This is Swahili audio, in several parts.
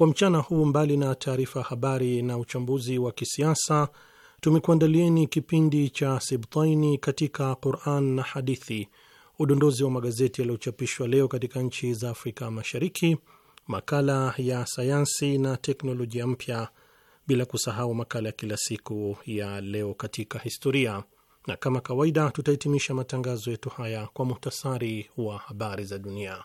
Kwa mchana huu, mbali na taarifa habari na uchambuzi wa kisiasa, tumekuandalieni kipindi cha Sibtaini katika Quran na Hadithi, udondozi wa magazeti yaliyochapishwa leo katika nchi za Afrika Mashariki, makala ya sayansi na teknolojia mpya, bila kusahau makala ya kila siku ya leo katika historia, na kama kawaida tutahitimisha matangazo yetu haya kwa muhtasari wa habari za dunia.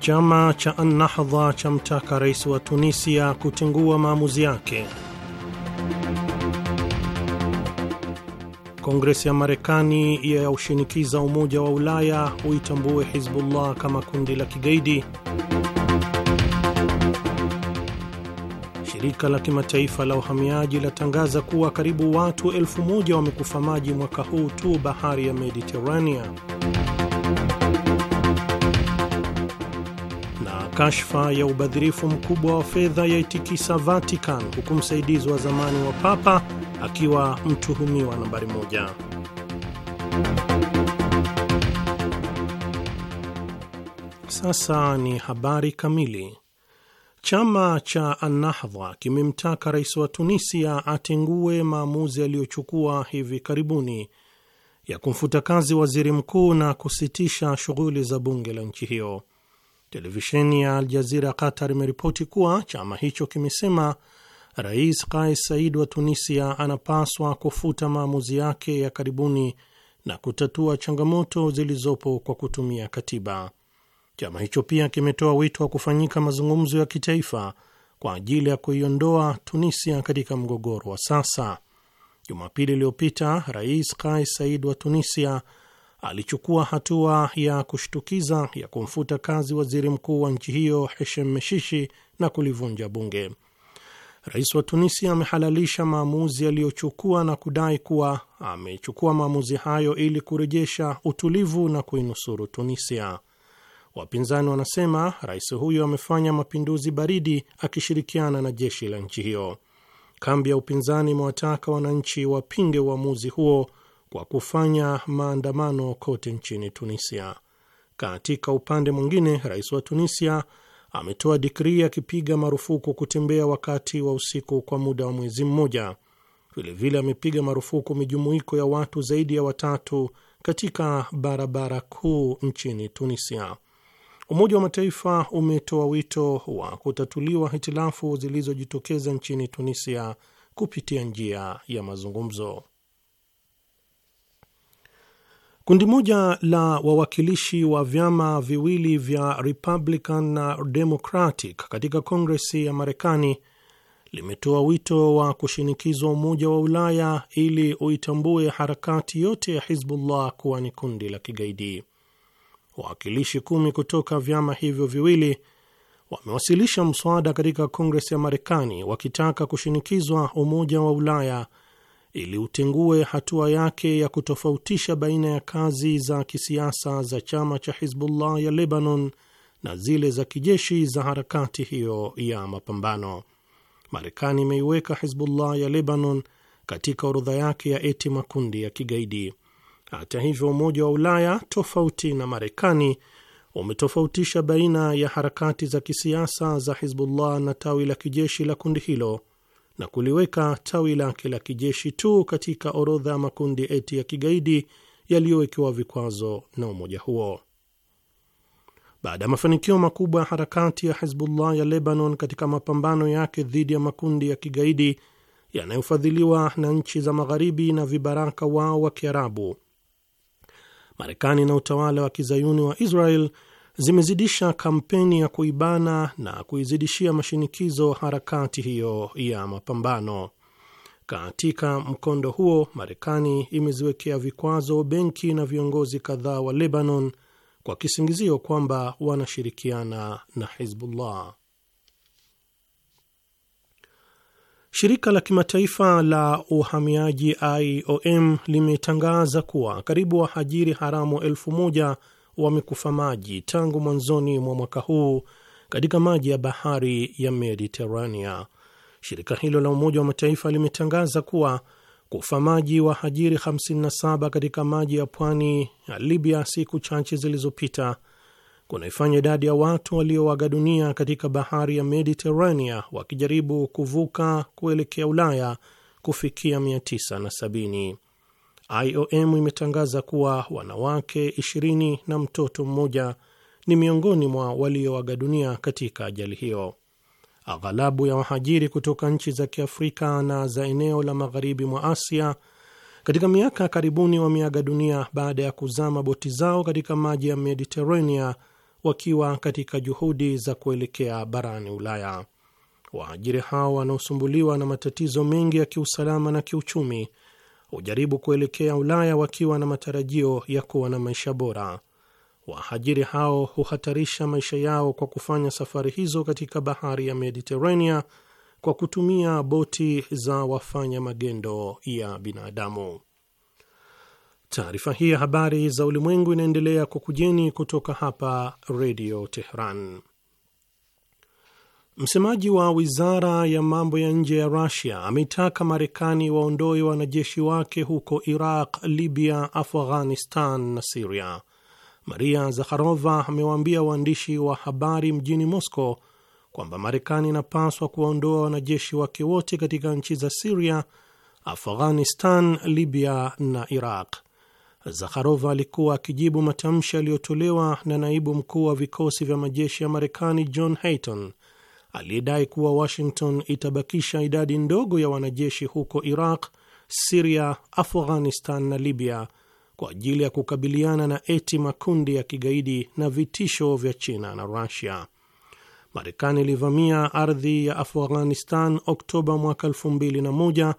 Chama cha Annahdha chamtaka rais wa Tunisia kutengua maamuzi yake. Kongresi ya Marekani ya ushinikiza Umoja wa Ulaya uitambue Hizbullah kama kundi la kigaidi. Shirika la kimataifa la uhamiaji latangaza kuwa karibu watu elfu moja wamekufa maji mwaka huu tu bahari ya Mediterania. Kashfa ya ubadhirifu mkubwa wa fedha yaitikisa Vatican, huku msaidizi wa zamani wa papa akiwa mtuhumiwa nambari moja. Sasa ni habari kamili. Chama cha Annahdha kimemtaka rais wa Tunisia atengue maamuzi aliyochukua hivi karibuni ya kumfuta kazi waziri mkuu na kusitisha shughuli za bunge la nchi hiyo. Televisheni ya aljazira Qatar imeripoti kuwa chama hicho kimesema Rais Kais Said wa Tunisia anapaswa kufuta maamuzi yake ya karibuni na kutatua changamoto zilizopo kwa kutumia katiba. Chama hicho pia kimetoa wito wa kufanyika mazungumzo ya kitaifa kwa ajili ya kuiondoa Tunisia katika mgogoro wa sasa. Jumapili iliyopita, Rais Kais Said wa Tunisia alichukua hatua ya kushtukiza ya kumfuta kazi waziri mkuu wa nchi hiyo heshem Meshishi na kulivunja bunge. Rais wa Tunisia amehalalisha maamuzi aliyochukua na kudai kuwa amechukua maamuzi hayo ili kurejesha utulivu na kuinusuru Tunisia. Wapinzani wanasema rais huyo amefanya mapinduzi baridi akishirikiana na jeshi la nchi hiyo. Kambi ya upinzani imewataka wananchi wapinge uamuzi huo kwa kufanya maandamano kote nchini Tunisia. Katika upande mwingine, rais wa Tunisia ametoa dikrii akipiga marufuku kutembea wakati wa usiku kwa muda wa mwezi mmoja. Vilevile amepiga marufuku mijumuiko ya watu zaidi ya watatu katika barabara kuu nchini Tunisia. Umoja wa Mataifa umetoa wito wa kutatuliwa hitilafu zilizojitokeza nchini Tunisia kupitia njia ya mazungumzo. Kundi moja la wawakilishi wa vyama viwili vya Republican na Democratic katika Kongresi ya Marekani limetoa wito wa kushinikizwa Umoja wa Ulaya ili uitambue harakati yote ya Hizbullah kuwa ni kundi la kigaidi. Wawakilishi kumi kutoka vyama hivyo viwili wamewasilisha mswada katika Kongresi ya Marekani wakitaka kushinikizwa Umoja wa Ulaya ili utengue hatua yake ya kutofautisha baina ya kazi za kisiasa za chama cha Hizbullah ya Lebanon na zile za kijeshi za harakati hiyo ya mapambano. Marekani imeiweka Hizbullah ya Lebanon katika orodha yake ya eti makundi ya kigaidi. Hata hivyo, Umoja wa Ulaya tofauti na Marekani umetofautisha baina ya harakati za kisiasa za Hizbullah na tawi la kijeshi la kundi hilo na kuliweka tawi lake la kijeshi tu katika orodha ya makundi eti ya kigaidi yaliyowekewa vikwazo na umoja huo. Baada ya mafanikio makubwa ya harakati ya Hizbullah ya Lebanon katika mapambano yake dhidi ya makundi ya kigaidi yanayofadhiliwa na nchi za Magharibi na vibaraka wao wa Kiarabu, Marekani na utawala wa kizayuni wa Israel zimezidisha kampeni ya kuibana na kuizidishia mashinikizo harakati hiyo ya mapambano. Katika mkondo huo, Marekani imeziwekea vikwazo benki na viongozi kadhaa wa Lebanon kwa kisingizio kwamba wanashirikiana na Hizbullah. Shirika la kimataifa la uhamiaji IOM limetangaza kuwa karibu wahajiri haramu elfu moja wamekufa maji tangu mwanzoni mwa mwaka huu katika maji ya bahari ya Mediterania. Shirika hilo la Umoja wa Mataifa limetangaza kuwa kufa maji wahajiri 57 katika maji ya pwani ya Libya siku chache zilizopita kunaifanya idadi ya watu walioaga dunia katika bahari ya Mediterania wakijaribu kuvuka kuelekea Ulaya kufikia 970. IOM imetangaza kuwa wanawake 20 na mtoto mmoja ni miongoni mwa walioaga dunia katika ajali hiyo. Aghalabu ya wahajiri kutoka nchi za Kiafrika na za eneo la magharibi mwa Asia katika miaka karibuni wameaga dunia baada ya kuzama boti zao katika maji ya Mediterania wakiwa katika juhudi za kuelekea barani Ulaya. Waajiri hao wanaosumbuliwa na matatizo mengi ya kiusalama na kiuchumi hujaribu kuelekea Ulaya wakiwa na matarajio ya kuwa na maisha bora. Wahajiri hao huhatarisha maisha yao kwa kufanya safari hizo katika bahari ya Mediterania kwa kutumia boti za wafanya magendo ya binadamu. Taarifa hii ya habari za ulimwengu inaendelea kwa kujeni kutoka hapa Redio Tehran. Msemaji wa wizara ya mambo ya nje ya Rusia ameitaka Marekani waondoe wanajeshi wake huko Iraq, Libya, Afghanistan na Siria. Maria Zakharova amewaambia waandishi wa habari mjini Moscow kwamba Marekani inapaswa kuwaondoa wanajeshi wake wote katika nchi za Siria, Afghanistan, Libya na Iraq. Zakharova alikuwa akijibu matamshi yaliyotolewa na naibu mkuu wa vikosi vya majeshi ya Marekani John Hayton aliyedai kuwa Washington itabakisha idadi ndogo ya wanajeshi huko Iraq, Siria, Afghanistan na Libya kwa ajili ya kukabiliana na eti makundi ya kigaidi na vitisho vya China na Rusia. Marekani ilivamia ardhi ya Afghanistan Oktoba mwaka 2001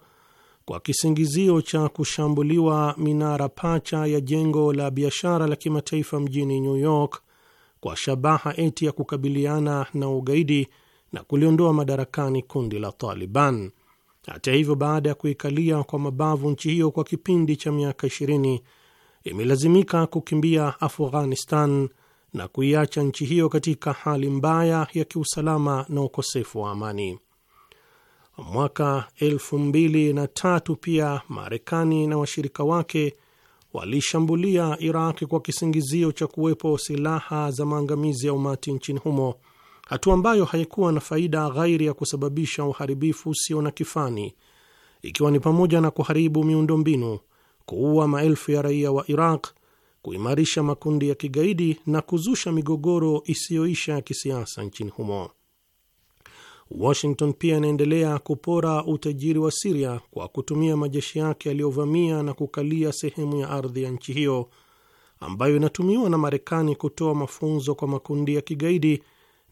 kwa kisingizio cha kushambuliwa minara pacha ya jengo la biashara la kimataifa mjini New York kwa shabaha eti ya kukabiliana na ugaidi na kuliondoa madarakani kundi la Taliban. Hata hivyo, baada ya kuikalia kwa mabavu nchi hiyo kwa kipindi cha miaka 20 imelazimika kukimbia Afghanistan na kuiacha nchi hiyo katika hali mbaya ya kiusalama na ukosefu wa amani. Mwaka elfu mbili na tatu pia Marekani na washirika wake walishambulia Iraq kwa kisingizio cha kuwepo silaha za maangamizi ya umati nchini humo hatua ambayo haikuwa na faida ghairi ya kusababisha uharibifu usio na kifani, ikiwa ni pamoja na kuharibu miundombinu, kuua maelfu ya raia wa Iraq, kuimarisha makundi ya kigaidi na kuzusha migogoro isiyoisha ya kisiasa nchini humo. Washington pia inaendelea kupora utajiri wa Siria kwa kutumia majeshi yake yaliyovamia na kukalia sehemu ya ardhi ya nchi hiyo ambayo inatumiwa na Marekani kutoa mafunzo kwa makundi ya kigaidi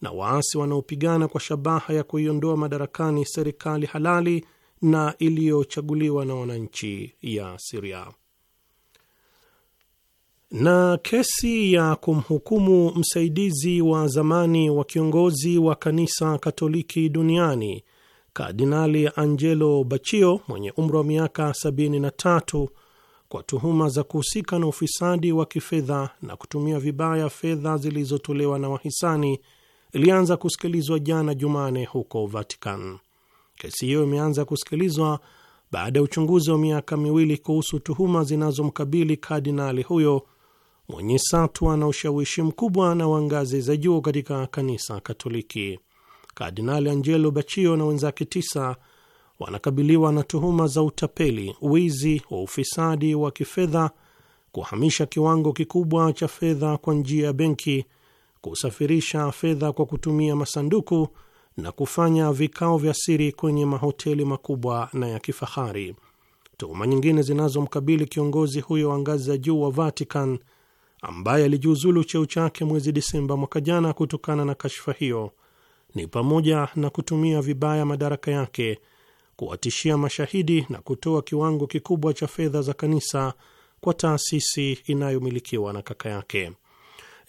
na waasi wanaopigana kwa shabaha ya kuiondoa madarakani serikali halali na iliyochaguliwa na wananchi ya Siria. Na kesi ya kumhukumu msaidizi wa zamani wa kiongozi wa kanisa Katoliki duniani Kardinali Angelo Bachio mwenye umri wa miaka 73 kwa tuhuma za kuhusika na ufisadi wa kifedha na kutumia vibaya fedha zilizotolewa na wahisani ilianza kusikilizwa jana Jumane huko Vatican. Kesi hiyo imeanza kusikilizwa baada ya uchunguzi wa miaka miwili kuhusu tuhuma zinazomkabili kardinali huyo mwenye satwa na ushawishi mkubwa na wa ngazi za juu katika kanisa Katoliki. Kardinali Angelo bachio na wenzake tisa wanakabiliwa na tuhuma za utapeli, wizi wa ufisadi wa kifedha, kuhamisha kiwango kikubwa cha fedha kwa njia ya benki kusafirisha fedha kwa kutumia masanduku na kufanya vikao vya siri kwenye mahoteli makubwa na ya kifahari. Tuhuma nyingine zinazomkabili kiongozi huyo wa ngazi za juu wa Vatican ambaye alijiuzulu cheo chake mwezi Disemba mwaka jana kutokana na kashfa hiyo ni pamoja na kutumia vibaya madaraka yake, kuwatishia mashahidi na kutoa kiwango kikubwa cha fedha za kanisa kwa taasisi inayomilikiwa na kaka yake.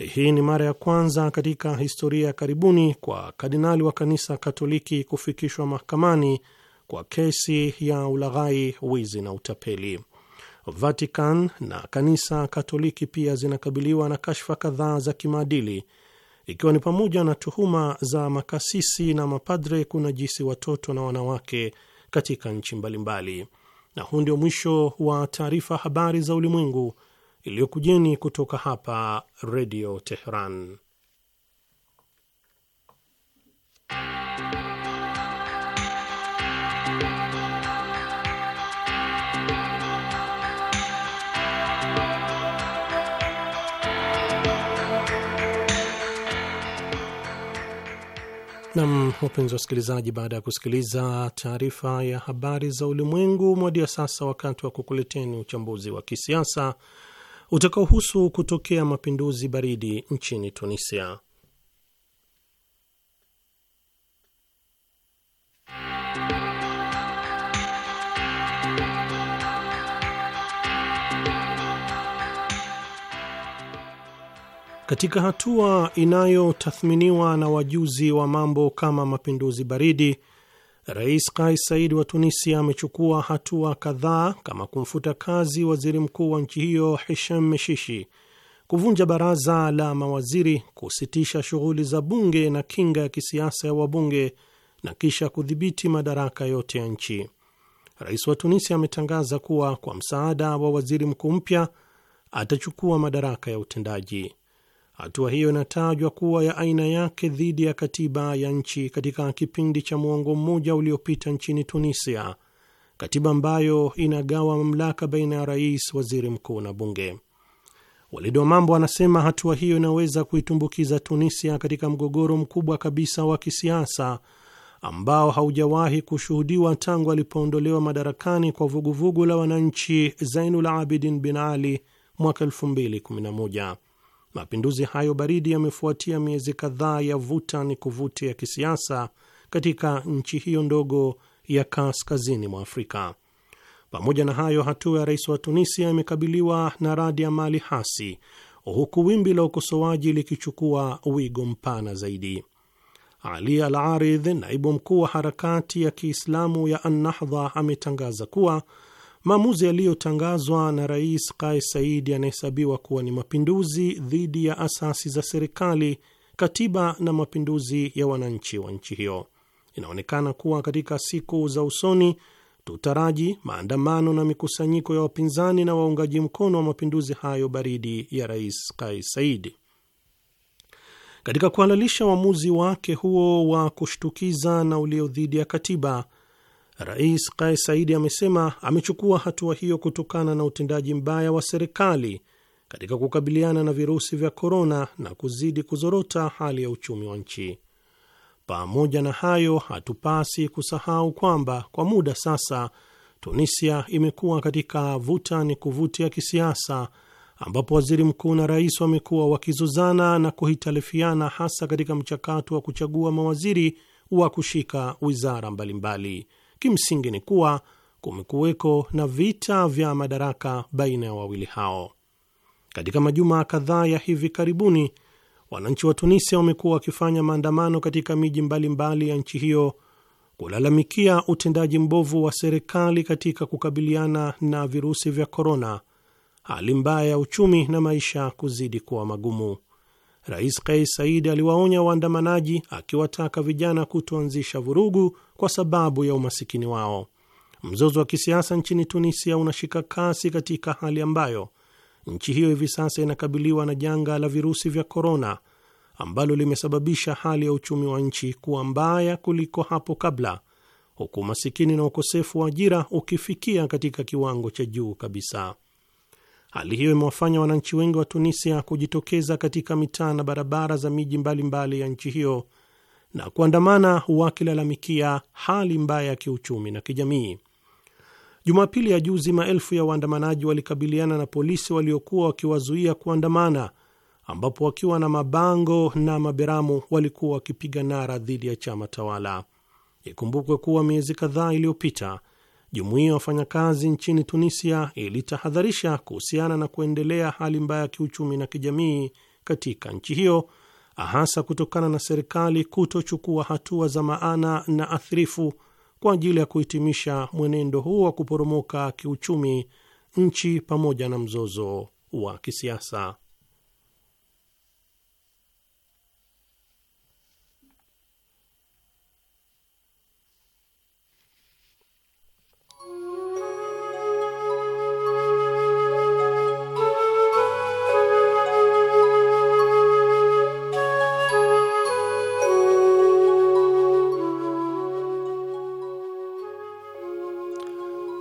Hii ni mara ya kwanza katika historia ya karibuni kwa kardinali wa kanisa Katoliki kufikishwa mahakamani kwa kesi ya ulaghai, wizi na utapeli. Vatican na kanisa Katoliki pia zinakabiliwa na kashfa kadhaa za kimaadili, ikiwa ni pamoja na tuhuma za makasisi na mapadre kunajisi watoto na wanawake katika nchi mbalimbali. Na huu ndio mwisho wa taarifa habari za ulimwengu iliyokujeni kutoka hapa Redio Teheran. Nam, wapenzi wa wasikilizaji, baada ya kusikiliza taarifa ya habari za ulimwengu, mwadia sasa wakati wa kukuleteni uchambuzi wa kisiasa utakaohusu kutokea mapinduzi baridi nchini Tunisia. Katika hatua inayotathminiwa na wajuzi wa mambo kama mapinduzi baridi Rais Kais Said wa Tunisia amechukua hatua kadhaa kama kumfuta kazi waziri mkuu wa nchi hiyo Hisham Meshishi, kuvunja baraza la mawaziri, kusitisha shughuli za bunge na kinga ya kisiasa ya wabunge na kisha kudhibiti madaraka yote ya nchi. Rais wa Tunisia ametangaza kuwa kwa msaada wa waziri mkuu mpya atachukua madaraka ya utendaji. Hatua hiyo inatajwa kuwa ya aina yake dhidi ya katiba ya nchi katika kipindi cha muongo mmoja uliopita nchini Tunisia, katiba ambayo inagawa mamlaka baina ya rais, waziri mkuu na bunge. Walidi wa mambo anasema hatua hiyo inaweza kuitumbukiza Tunisia katika mgogoro mkubwa kabisa wa kisiasa ambao haujawahi kushuhudiwa tangu alipoondolewa madarakani kwa vuguvugu la wananchi Zainul Abidin bin Ali mwaka 2011. Mapinduzi hayo baridi yamefuatia miezi kadhaa ya vuta ni kuvute ya kisiasa katika nchi hiyo ndogo ya kaskazini mwa Afrika. Pamoja na hayo, hatua ya rais wa Tunisia imekabiliwa na radi ya mali hasi, huku wimbi la ukosoaji likichukua wigo mpana zaidi. Ali Al Aridh, naibu mkuu wa harakati ya Kiislamu ya Annahdha, ametangaza kuwa Maamuzi yaliyotangazwa na Rais Kais Saidi yanahesabiwa kuwa ni mapinduzi dhidi ya asasi za serikali, katiba na mapinduzi ya wananchi wa nchi hiyo. Inaonekana kuwa katika siku za usoni tutaraji maandamano na mikusanyiko ya wapinzani na waungaji mkono wa mapinduzi hayo baridi ya Rais Kais Saidi. Katika kuhalalisha uamuzi wake huo wa kushtukiza na ulio dhidi ya katiba Rais Kais Saidi amesema amechukua hatua hiyo kutokana na utendaji mbaya wa serikali katika kukabiliana na virusi vya korona na kuzidi kuzorota hali ya uchumi wa nchi. Pamoja na hayo, hatupasi kusahau kwamba kwa muda sasa Tunisia imekuwa katika vuta ni kuvuti ya kisiasa ambapo waziri mkuu na rais wamekuwa wakizuzana na kuhitalifiana hasa katika mchakato wa kuchagua mawaziri wa kushika wizara mbalimbali mbali kimsingi ni kuwa kumekuweko na vita vya madaraka baina ya wawili hao. Katika majuma kadhaa ya hivi karibuni, wananchi wa Tunisia wamekuwa wakifanya maandamano katika miji mbalimbali ya nchi hiyo kulalamikia utendaji mbovu wa serikali katika kukabiliana na virusi vya korona, hali mbaya ya uchumi na maisha kuzidi kuwa magumu. Rais Kais Said aliwaonya waandamanaji, akiwataka vijana kutoanzisha vurugu kwa sababu ya umasikini wao. Mzozo wa kisiasa nchini Tunisia unashika kasi katika hali ambayo nchi hiyo hivi sasa inakabiliwa na janga la virusi vya korona ambalo limesababisha hali ya uchumi wa nchi kuwa mbaya kuliko hapo kabla, huku umasikini na ukosefu wa ajira ukifikia katika kiwango cha juu kabisa. Hali hiyo imewafanya wananchi wengi wa Tunisia kujitokeza katika mitaa na barabara za miji mbalimbali ya nchi hiyo na kuandamana wakilalamikia hali mbaya ya kiuchumi na kijamii. Jumapili ya juzi, maelfu ya waandamanaji walikabiliana na polisi waliokuwa wakiwazuia kuandamana, ambapo wakiwa na mabango na maberamu walikuwa wakipiga nara dhidi ya chama tawala. Ikumbukwe kuwa miezi kadhaa iliyopita jumuiya ya wafanyakazi nchini Tunisia ilitahadharisha kuhusiana na kuendelea hali mbaya ya kiuchumi na kijamii katika nchi hiyo, hasa kutokana na serikali kutochukua hatua za maana na athirifu kwa ajili ya kuhitimisha mwenendo huo wa kuporomoka kiuchumi nchi pamoja na mzozo wa kisiasa.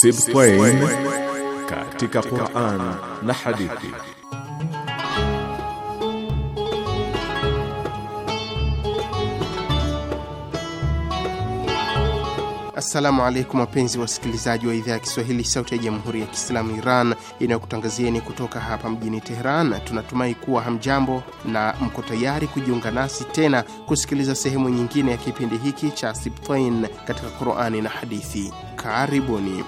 Sib katika Qur'an na hadithi. Assalamu alaikum wapenzi wasikilizaji wa idhaa ya Kiswahili sauti ya jamhuri ya kiislamu Iran inayokutangazieni kutoka hapa mjini Teheran. Tunatumai kuwa hamjambo na mko tayari kujiunga nasi tena kusikiliza sehemu nyingine ya kipindi hiki cha Sibtain katika Qurani na hadithi. Karibuni.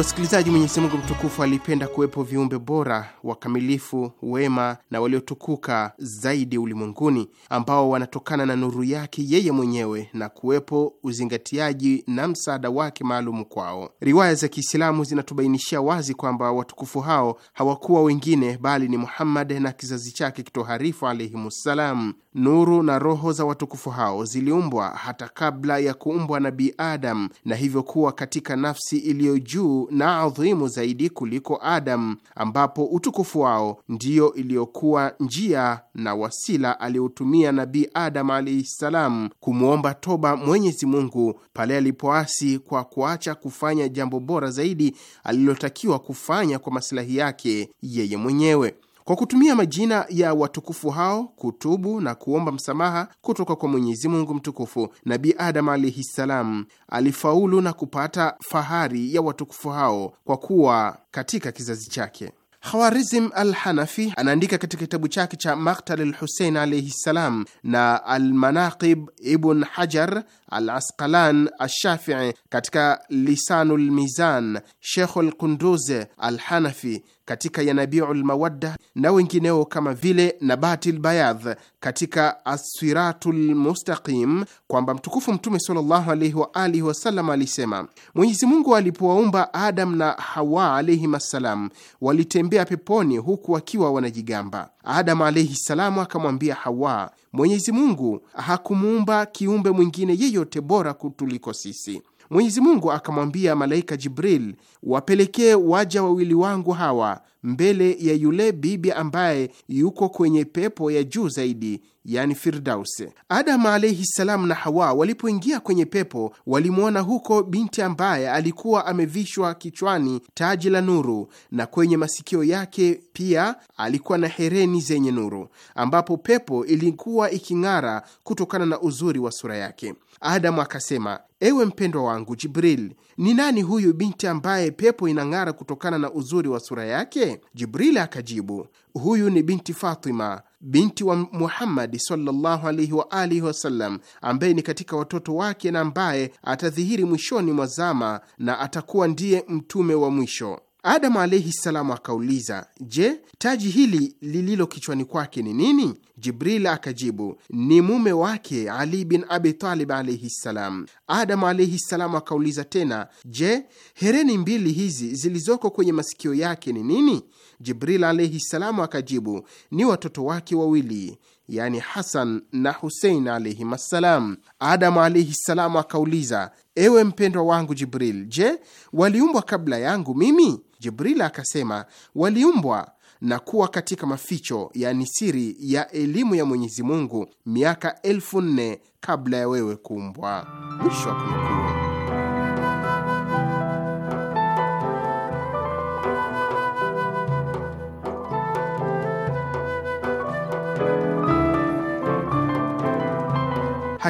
wasikilizaji, Mwenyezi Mungu mtukufu alipenda kuwepo viumbe bora wakamilifu, wema na waliotukuka zaidi ulimwenguni ambao wanatokana na nuru yake yeye mwenyewe na kuwepo uzingatiaji na msaada wake maalum kwao. Riwaya za Kiislamu zinatubainishia wazi kwamba watukufu hao hawakuwa wengine bali ni Muhammad na kizazi chake kitoharifu alaihimussalam. Nuru na roho za watukufu hao ziliumbwa hata kabla ya kuumbwa Nabii Adam na hivyo kuwa katika nafsi iliyo juu na adhimu zaidi kuliko Adamu, ambapo utukufu wao ndiyo iliyokuwa njia na wasila aliyotumia Nabii Adamu alaihi ssalam kumwomba toba Mwenyezi Mungu pale alipoasi kwa kuacha kufanya jambo bora zaidi alilotakiwa kufanya kwa masilahi yake yeye mwenyewe. Kwa kutumia majina ya watukufu hao kutubu na kuomba msamaha kutoka kwa Mwenyezi Mungu mtukufu, Nabi Adam alaihi ssalam alifaulu na kupata fahari ya watukufu hao kwa kuwa katika kizazi chake. Khawarizm Alhanafi anaandika katika kitabu chake cha Maktal lhusein alaihi ssalam na Almanaqib, Ibn Hajar al Asqalan Alshafii katika Lisanu Lmizan, Shekhu Lkunduze Alhanafi katika Yanabiul Mawadda na wengineo kama vile Nabatil Bayadh katika Asiratul Mustaqim kwamba mtukufu Mtume sallallahu alaihi wa alihi wasallam alisema, Mwenyezi Mungu alipowaumba Adam na Hawa alaihim assalam, walitembea peponi huku wakiwa wanajigamba. adamu alaihi salamu akamwambia Hawa, Mwenyezi Mungu hakumuumba kiumbe mwingine yeyote bora kutuliko sisi. Mwenyezi Mungu akamwambia malaika Jibril, wapelekee waja wawili wangu hawa mbele ya yule bibi ambaye yuko kwenye pepo ya juu zaidi, yani Firdaus. Adamu alaihi salam na Hawa walipoingia kwenye pepo walimwona huko binti ambaye alikuwa amevishwa kichwani taji la nuru na kwenye masikio yake pia alikuwa na hereni zenye nuru, ambapo pepo ilikuwa iking'ara kutokana na uzuri wa sura yake. Adamu akasema, Ewe mpendwa wangu Jibril, ni nani huyu binti ambaye pepo inang'ara kutokana na uzuri wa sura yake? Jibril akajibu, huyu ni binti Fatima binti wa Muhammadi sallallahu alaihi wa alihi wasallam, ambaye ni katika watoto wake na ambaye atadhihiri mwishoni mwa zama na atakuwa ndiye mtume wa mwisho. Adamu alaihi salamu akauliza, je, taji hili lililo kichwani kwake ni nini? Jibril akajibu, ni mume wake Ali bin Abi Talib alaihi ssalam. Adamu alaihi salamu akauliza tena, je, hereni mbili hizi zilizoko kwenye masikio yake ni nini? Jibril alaihi salamu akajibu, ni watoto wake wawili, yani Hasan na Husein alaihim assalam. Adamu alaihi salamu akauliza, ewe mpendwa wangu Jibril, je, waliumbwa kabla yangu mimi? Jibrila akasema, waliumbwa na kuwa katika maficho, yani siri ya elimu ya Mwenyezi Mungu miaka elfu nne kabla ya wewe kuumbwa. Mwisho wa kunukuu.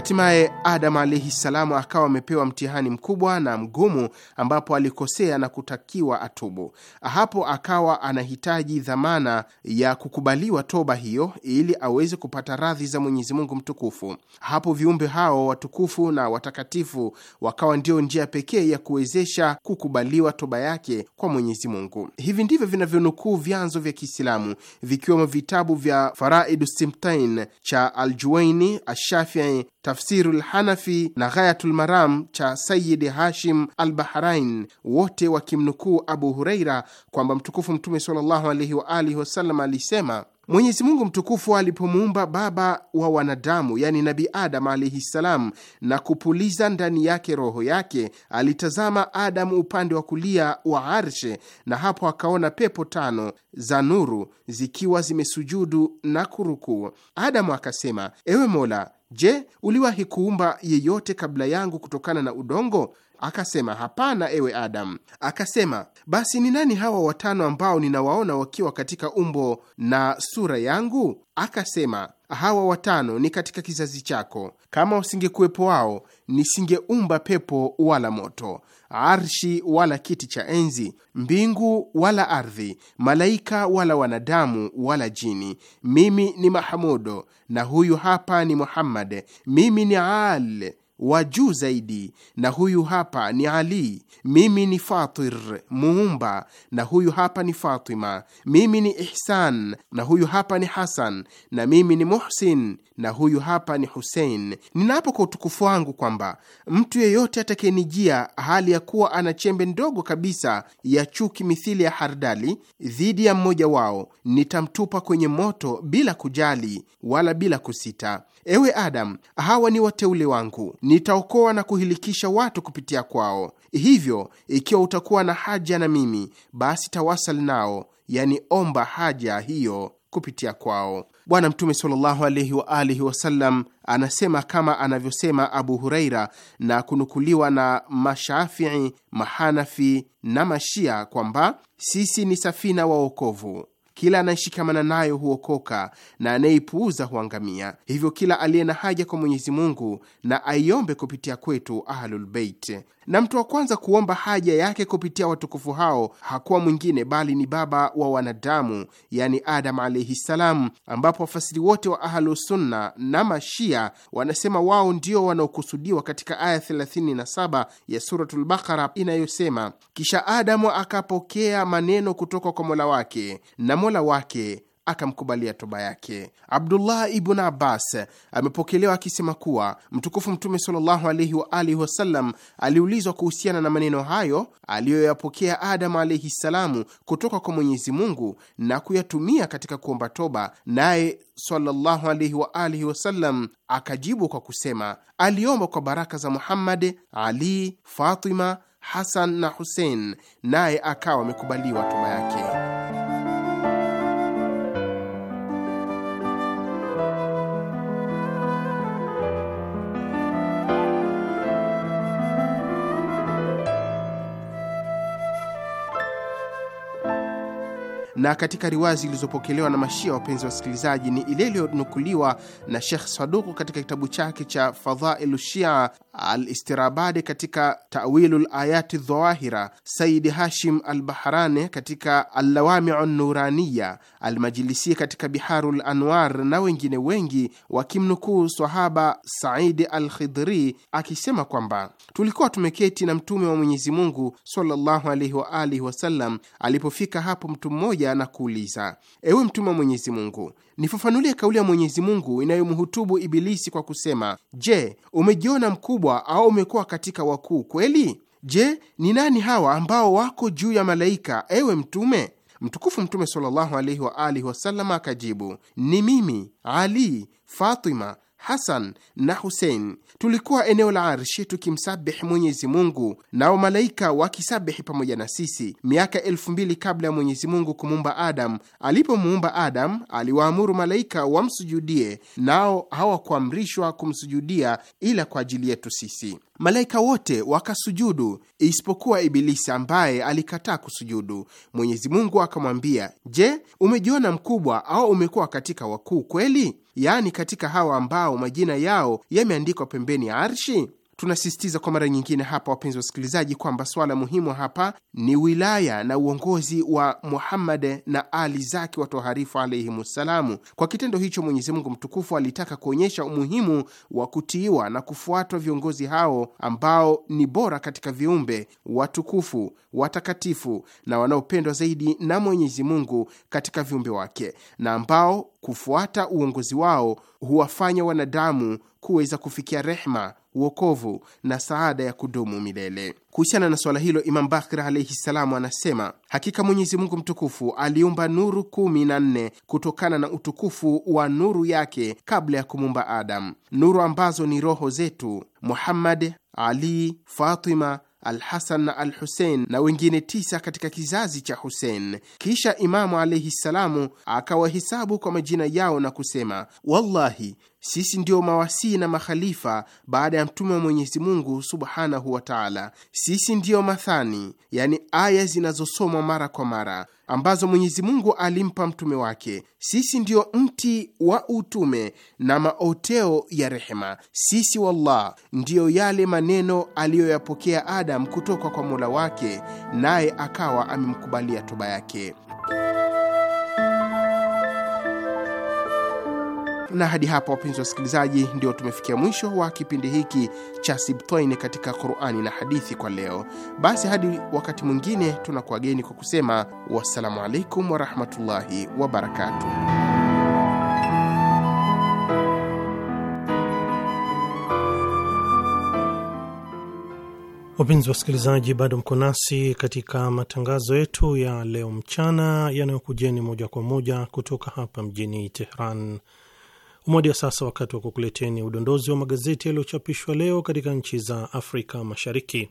Hatimaye Adamu alaihi salamu akawa amepewa mtihani mkubwa na mgumu, ambapo alikosea na kutakiwa atubu. Hapo akawa anahitaji dhamana ya kukubaliwa toba hiyo, ili aweze kupata radhi za Mwenyezi Mungu Mtukufu. Hapo viumbe hao watukufu na watakatifu wakawa ndio njia pekee ya kuwezesha kukubaliwa toba yake kwa Mwenyezi Mungu. Hivi ndivyo vinavyonukuu vyanzo vya Kiislamu vikiwemo vitabu vya Faraidu Simtain cha Aljuwaini Ashafii Tafsiru lhanafi na Ghayatul cha Sayidi Hashim al Bahrain, wote wakimnukuu Abu Hureira kwamba mtukufu Mtume sallallahu alaihi wa alihi wasallam alisema Mwenyezi Mungu mtukufu alipomuumba baba wa wanadamu, yani Nabi Adam alaihi ssalam, na kupuliza ndani yake roho yake, alitazama Adamu upande wa kulia wa arshe, na hapo akaona pepo tano za nuru zikiwa zimesujudu na kurukuu. Adamu akasema, ewe Mola, Je, uliwahi kuumba yeyote kabla yangu kutokana na udongo? Akasema, hapana, ewe Adamu. Akasema, basi ni nani hawa watano ambao ninawaona wakiwa katika umbo na sura yangu? Akasema, hawa watano ni katika kizazi chako. Kama usingekuwepo wao, nisingeumba pepo wala moto arshi wala kiti cha enzi, mbingu wala ardhi, malaika wala wanadamu wala jini. Mimi ni Mahamudo na huyu hapa ni Muhammad. Mimi ni Al wa juu zaidi, na huyu hapa ni Ali. Mimi ni Fatir muumba, na huyu hapa ni Fatima. Mimi ni Ihsan, na huyu hapa ni Hasan, na mimi ni Muhsin na huyu hapa ni husein ninapo kwa utukufu wangu kwamba mtu yeyote atakayenijia hali ya kuwa ana chembe ndogo kabisa ya chuki mithili ya hardali dhidi ya mmoja wao, nitamtupa kwenye moto bila kujali wala bila kusita. Ewe Adam, hawa ni wateule wangu, nitaokoa na kuhilikisha watu kupitia kwao. Hivyo ikiwa utakuwa na haja na mimi, basi tawasal nao, yani omba haja hiyo kupitia kwao. Bwana Mtume sallallahu alaihi wa alihi wasallam anasema kama anavyosema Abu Huraira na kunukuliwa na Mashafii, Mahanafi na Mashia kwamba sisi ni safina wa wokovu kila anayeshikamana nayo huokoka na anayeipuuza huangamia. Hivyo kila aliye na haja kwa Mwenyezi Mungu na aiombe kupitia kwetu Ahlulbeit na mtu wa kwanza kuomba haja yake kupitia watukufu hao hakuwa mwingine bali ni baba wa wanadamu, yani Adam alaihi salam, ambapo wafasiri wote wa Ahlusunna na Mashia wanasema wao ndio wanaokusudiwa katika aya 37 ya Suratul inayosema, kisha Adamu akapokea maneno kutoka kwa mola wake na mola wake akamkubalia toba yake. Abdullah ibn Abbas amepokelewa akisema kuwa mtukufu Mtume sallallahu alaihi wa alihi wasallam aliulizwa kuhusiana na maneno hayo aliyoyapokea Adamu alaihi ssalamu kutoka kwa Mwenyezi Mungu na kuyatumia katika kuomba toba, naye sallallahu alaihi wa alihi wasallam akajibu kwa kusema, aliomba kwa baraka za Muhammad, Ali, Fatima, Hasan na Husein, naye akawa amekubaliwa toba yake. na katika riwaya zilizopokelewa na Mashia, wapenzi wa wasikilizaji, ni ile iliyonukuliwa na Shekh Saduku katika kitabu chake cha Fadhailu Shia alistirabadi katika tawilu layati Dhawahira, Saidi Hashim Al-Bahrani katika Allawamiu Nuraniya, almajilisia katika biharu lanwar na wengine wengi wakimnukuu sahaba Saidi Al-Khidri akisema kwamba tulikuwa tumeketi na Mtume wa Mwenyezi Mungu sallallahu alaihi wa alihi wasallam alipofika hapo mtu mmoja na kuuliza, ewe Mtume wa Mwenyezi Mungu, nifafanulie kauli ya Mwenyezi Mungu inayomhutubu Ibilisi kwa kusema: Je, umejiona mkubwa au umekuwa katika wakuu kweli? Je, ni nani hawa ambao wako juu ya malaika, ewe Mtume? Mtukufu Mtume sallallahu alaihi wa alihi wasallam akajibu: ni mimi Ali, Fatima, Hasan na Husein. Tulikuwa eneo la Arshi tukimsabihi Mwenyezi Mungu, na wamalaika wakisabihi pamoja na sisi, miaka elfu mbili kabla ya Mwenyezi Mungu kumuumba Adamu. Alipomuumba Adamu, aliwaamuru malaika wamsujudie, nao hawakuamrishwa kumsujudia ila kwa ajili yetu sisi malaika wote wakasujudu isipokuwa Ibilisi ambaye alikataa kusujudu. Mwenyezi Mungu akamwambia, Je, umejiona mkubwa au umekuwa katika wakuu kweli? Yaani katika hawa ambao majina yao yameandikwa pembeni ya arshi. Tunasisitiza kwa mara nyingine hapa, wapenzi wa wasikilizaji, kwamba swala muhimu hapa ni wilaya na uongozi wa Muhammad na Ali zake watoharifu alaihimussalamu. Kwa kitendo hicho, Mwenyezi Mungu mtukufu alitaka kuonyesha umuhimu wa kutiiwa na kufuatwa viongozi hao ambao ni bora katika viumbe watukufu, watakatifu na wanaopendwa zaidi na Mwenyezi Mungu katika viumbe wake na ambao kufuata uongozi wao huwafanya wanadamu kuweza kufikia rehma uokovu na saada ya kudumu milele. Kuhusiana na suala hilo, Imam Bakr alaihi ssalamu anasema hakika Mwenyezi Mungu mtukufu aliumba nuru kumi na nne kutokana na utukufu wa nuru yake kabla ya kumumba Adamu, nuru ambazo ni roho zetu Muhammad, Ali, Fatima, Alhasan na al Husein na wengine tisa katika kizazi cha Husein. Kisha Imamu alaihi ssalamu akawahesabu kwa majina yao na kusema, wallahi sisi ndio mawasii na makhalifa baada ya mtume wa Mwenyezi Mungu subhanahu wa taala. Sisi ndiyo mathani, yani aya zinazosomwa mara kwa mara ambazo Mwenyezi Mungu alimpa mtume wake. Sisi ndiyo mti wa utume na maoteo ya rehema. Sisi wallah, ndiyo yale maneno aliyoyapokea Adam kutoka kwa mola wake, naye akawa amemkubalia toba yake. Na hadi hapa, wapenzi wasikilizaji, ndio tumefikia mwisho wa kipindi hiki cha Sibtoin katika Qurani na hadithi kwa leo. Basi hadi wakati mwingine, tunakuageni kwa kusema wassalamu alaikum warahmatullahi wabarakatuh. Wapenzi wasikilizaji, bado mko nasi katika matangazo yetu ya leo mchana yanayokujeni moja kwa moja kutoka hapa mjini Tehran. Umoja sasa wakati wa kukuleteni udondozi wa magazeti yaliyochapishwa leo katika nchi za Afrika Mashariki.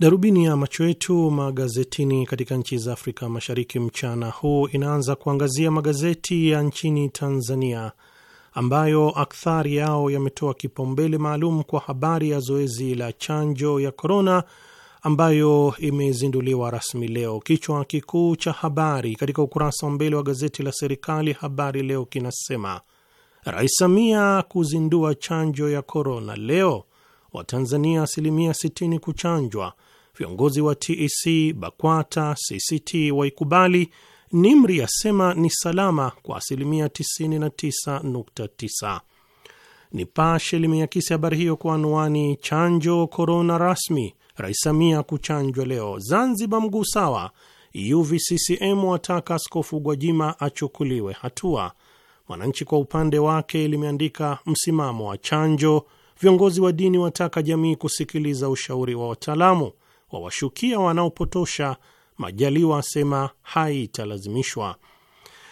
Darubini ya macho yetu magazetini katika nchi za Afrika Mashariki mchana huu inaanza kuangazia magazeti ya nchini Tanzania ambayo akthari yao yametoa kipaumbele maalum kwa habari ya zoezi la chanjo ya korona ambayo imezinduliwa rasmi leo. Kichwa kikuu cha habari katika ukurasa wa mbele wa gazeti la serikali Habari Leo kinasema Rais Samia kuzindua chanjo ya korona leo, Watanzania asilimia 60 kuchanjwa, viongozi wa TEC, BAKWATA, CCT waikubali Nimri asema ni salama kwa asilimia 99.9. Nipashe limeakisi habari hiyo kwa anwani chanjo korona rasmi, Rais Samia kuchanjwa leo. Zanzibar mguu sawa, UVCCM wataka Askofu Gwajima achukuliwe hatua. Mwananchi kwa upande wake limeandika msimamo wa chanjo, viongozi wa dini wataka jamii kusikiliza ushauri wa wataalamu, wawashukia wanaopotosha Majaliwa asema haitalazimishwa.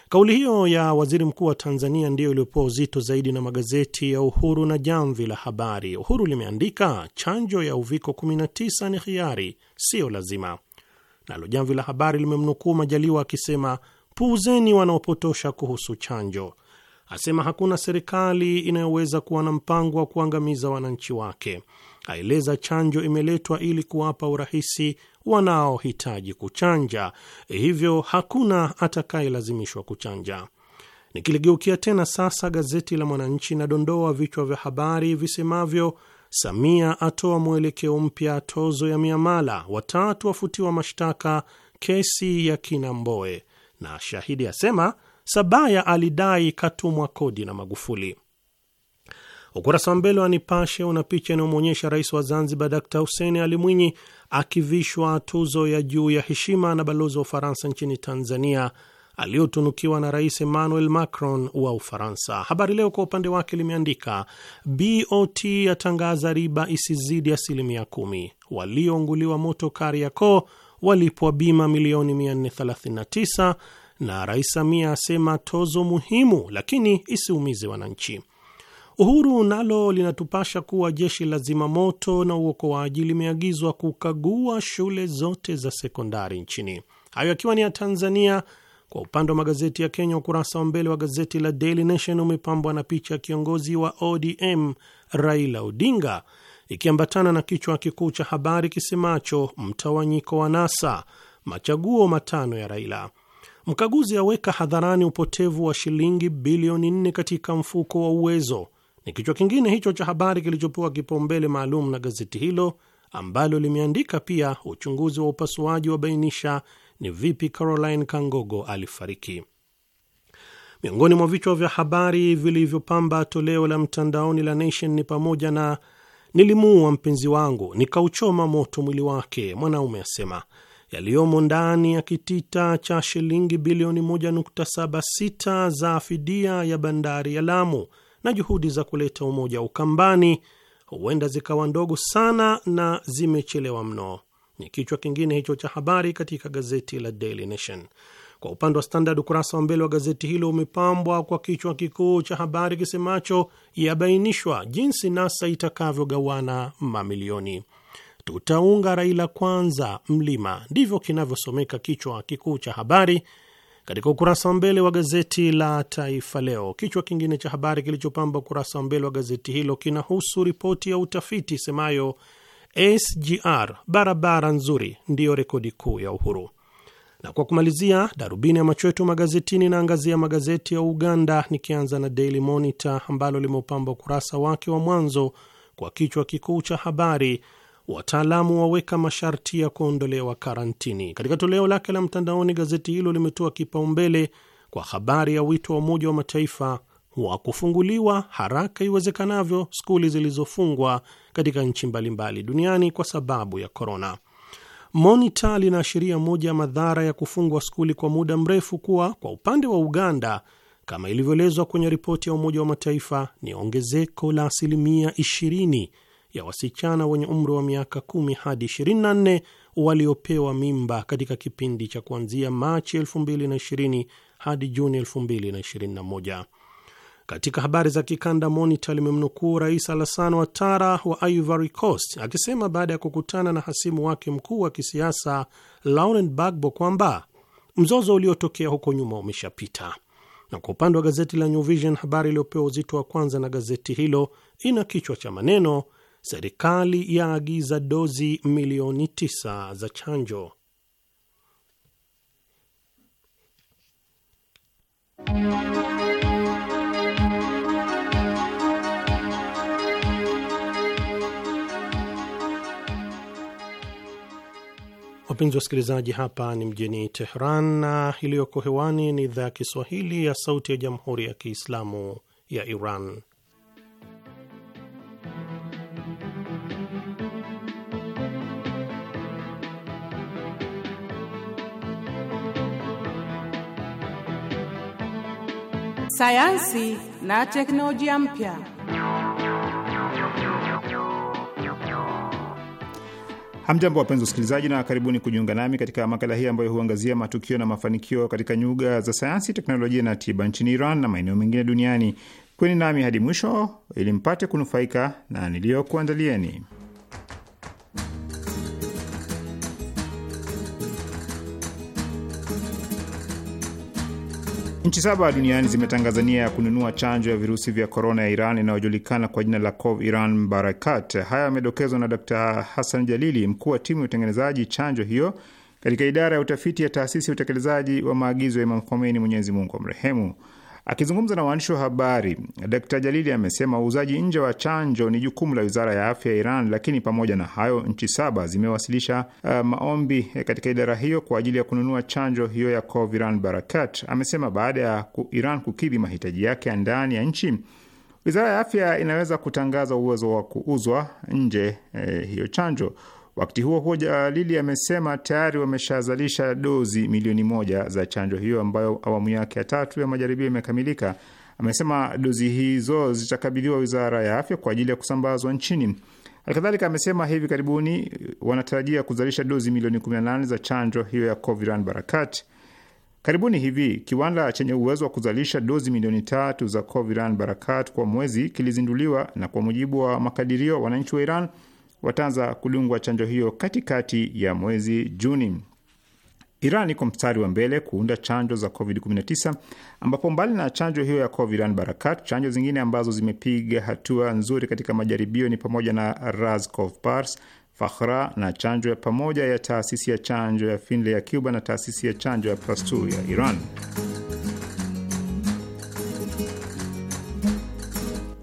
Kauli hiyo ya waziri mkuu wa Tanzania ndiyo iliyopewa uzito zaidi na magazeti ya Uhuru na Jamvi la Habari. Uhuru limeandika chanjo ya uviko 19 ni hiari, siyo lazima. Nalo Jamvi la Habari limemnukuu Majaliwa akisema puuzeni wanaopotosha kuhusu chanjo. Asema hakuna serikali inayoweza kuwa na mpango wa kuangamiza wananchi wake. Aeleza chanjo imeletwa ili kuwapa urahisi wanaohitaji kuchanja, hivyo hakuna atakayelazimishwa kuchanja. Nikiligeukia tena sasa gazeti la Mwananchi na dondoa vichwa vya habari visemavyo: Samia atoa mwelekeo mpya tozo ya miamala, watatu wafutiwa mashtaka kesi ya kina Mboe, na shahidi asema Sabaya alidai katumwa kodi na Magufuli. Ukurasa wa mbele wa Nipashe una picha inayomwonyesha rais wa Zanzibar Dkt Hussein Ali Mwinyi akivishwa tuzo ya juu ya heshima na balozi wa Ufaransa nchini Tanzania aliyotunukiwa na Rais Emmanuel Macron wa Ufaransa. Habari Leo kwa upande wake limeandika BOT yatangaza riba isizidi asilimia kumi, waliounguliwa moto Kariakoo walipwa bima milioni 439 na Rais Samia asema tozo muhimu lakini isiumize wananchi. Uhuru nalo linatupasha kuwa jeshi la zimamoto na uokoaji limeagizwa kukagua shule zote za sekondari nchini, hayo akiwa ni ya Tanzania. Kwa upande wa magazeti ya Kenya, ukurasa wa mbele wa gazeti la Daily Nation umepambwa na picha ya kiongozi wa ODM Raila Odinga ikiambatana na kichwa kikuu cha habari kisemacho mtawanyiko wa NASA, machaguo matano ya Raila. Mkaguzi aweka hadharani upotevu wa shilingi bilioni nne katika mfuko wa Uwezo ni kichwa kingine hicho cha habari kilichopewa kipaumbele maalum na gazeti hilo ambalo limeandika pia, uchunguzi wa upasuaji wabainisha ni vipi Caroline Kangogo alifariki. Miongoni mwa vichwa vya habari vilivyopamba toleo la mtandaoni la Nation ni pamoja na nilimuua mpenzi wangu nikauchoma moto mwili wake, mwanaume asema yaliyomo ndani ya kitita cha shilingi bilioni 1.76 za fidia ya bandari ya Lamu na juhudi za kuleta umoja ukambani huenda zikawa ndogo sana na zimechelewa mno, ni kichwa kingine hicho cha habari katika gazeti la Daily Nation. Kwa upande wa Standard, ukurasa wa mbele wa gazeti hilo umepambwa kwa kichwa kikuu cha habari kisemacho yabainishwa jinsi NASA itakavyogawana mamilioni. Tutaunga Raila kwanza mlima, ndivyo kinavyosomeka kichwa kikuu cha habari katika ukurasa wa mbele wa gazeti la Taifa Leo, kichwa kingine cha habari kilichopamba ukurasa wa mbele wa gazeti hilo kinahusu ripoti ya utafiti semayo SGR barabara nzuri ndiyo rekodi kuu ya Uhuru. Na kwa kumalizia, darubini ya macho yetu magazetini inaangazia magazeti ya Uganda, nikianza na Daily Monitor ambalo limeupamba ukurasa wake wa mwanzo kwa kichwa kikuu cha habari wataalamu waweka masharti ya kuondolewa karantini. Katika toleo lake la mtandaoni, gazeti hilo limetoa kipaumbele kwa habari ya wito wa Umoja wa Mataifa wa kufunguliwa haraka iwezekanavyo skuli zilizofungwa katika nchi mbalimbali duniani kwa sababu ya korona. Monita linaashiria moja ya madhara ya kufungwa skuli kwa muda mrefu kuwa kwa upande wa Uganda, kama ilivyoelezwa kwenye ripoti ya Umoja wa Mataifa, ni ongezeko la asilimia 20 ya wasichana wenye umri wa miaka 10 hadi 24 waliopewa mimba katika kipindi cha kuanzia Machi 2020 hadi Juni 2021. Katika habari za kikanda, Monitor limemnukuu Rais Alassane Ouattara wa Ivory Coast akisema baada ya kukutana na hasimu wake mkuu wa kisiasa Laurent Gbagbo kwamba mzozo uliotokea huko nyuma umeshapita. Na kwa upande wa gazeti la New Vision, habari iliyopewa uzito wa kwanza na gazeti hilo ina kichwa cha maneno serikali yaagiza dozi milioni tisa za chanjo. Wapenzi wa wasikilizaji, hapa ni mjini Tehran na iliyoko hewani ni idhaa ya Kiswahili ya Sauti ya Jamhuri ya Kiislamu ya Iran. sayansi na teknolojia mpya. Hamjambo, wapenzi wasikilizaji, na karibuni kujiunga nami katika makala hii ambayo huangazia matukio na mafanikio katika nyuga za sayansi, teknolojia na tiba nchini Iran na maeneo mengine duniani. Kweni nami hadi mwisho ili mpate kunufaika na niliyokuandalieni. Nchi saba duniani zimetangaza nia ya kununua chanjo ya virusi vya korona ya Iran inayojulikana kwa jina la Cov Iran Barakat. Haya yamedokezwa na Dr Hassan Jalili, mkuu wa timu ya utengenezaji chanjo hiyo katika idara ya utafiti ya taasisi ya utekelezaji wa maagizo ya Imam Khomeini, Mwenyezi Mungu wa mrehemu. Akizungumza na waandishi wa habari, Dkt Jalili amesema uuzaji nje wa chanjo ni jukumu la wizara ya afya ya Iran, lakini pamoja na hayo, nchi saba zimewasilisha uh, maombi eh, katika idara hiyo kwa ajili ya kununua chanjo hiyo ya Coviran Barakat. Amesema baada ya Iran kukidhi mahitaji yake ya ndani ya nchi, wizara ya afya inaweza kutangaza uwezo wa kuuzwa nje eh, hiyo chanjo. Wakati huo huo, Jalili amesema tayari wameshazalisha dozi milioni moja za chanjo hiyo ambayo awamu yake ya tatu ya majaribio imekamilika. Amesema dozi hizo zitakabidhiwa wizara ya afya kwa ajili ya kusambazwa nchini. Halikadhalika amesema hivi karibuni eh, wanatarajia kuzalisha dozi milioni 18 za chanjo hiyo ya Coviran Barakat. Karibuni hivi kiwanda chenye uwezo wa kuzalisha dozi milioni tatu za Coviran Barakat kwa mwezi kilizinduliwa, na kwa mujibu wa makadirio, wananchi wa Iran wataanza kudungwa chanjo hiyo katikati ya mwezi Juni. Iran iko mstari wa mbele kuunda chanjo za COVID-19 ambapo mbali na chanjo hiyo ya Coviran Barakat, chanjo zingine ambazo zimepiga hatua nzuri katika majaribio ni pamoja na Raskov Pars, Fakhra na chanjo ya pamoja ya taasisi ya chanjo ya Finlay ya Cuba na taasisi ya chanjo ya Pasteur ya Iran.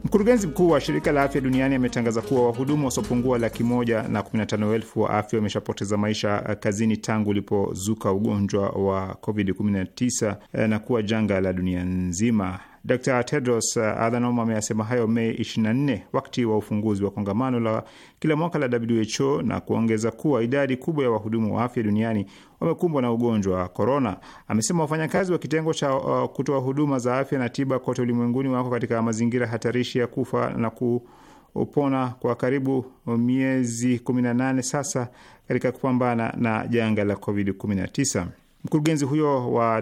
Mkurugenzi mkuu wa shirika la afya duniani ametangaza kuwa wahudumu wasiopungua laki moja na 15 elfu wa afya wameshapoteza maisha eh, kazini tangu ulipozuka ugonjwa wa COVID-19 eh, na kuwa janga la dunia nzima. Dr Tedros uh, Adhanom ameyasema hayo Mei 24 wakati wa ufunguzi wa kongamano la kila mwaka la WHO na kuongeza kuwa idadi kubwa ya wahudumu wa afya duniani wamekumbwa na ugonjwa wa korona. Amesema wafanyakazi wa kitengo cha uh, kutoa huduma za afya na tiba kote ulimwenguni wako katika mazingira hatarishi ya kufa na kupona kwa karibu miezi 18 sasa katika kupambana na janga la COVID-19. Mkurugenzi huyo wa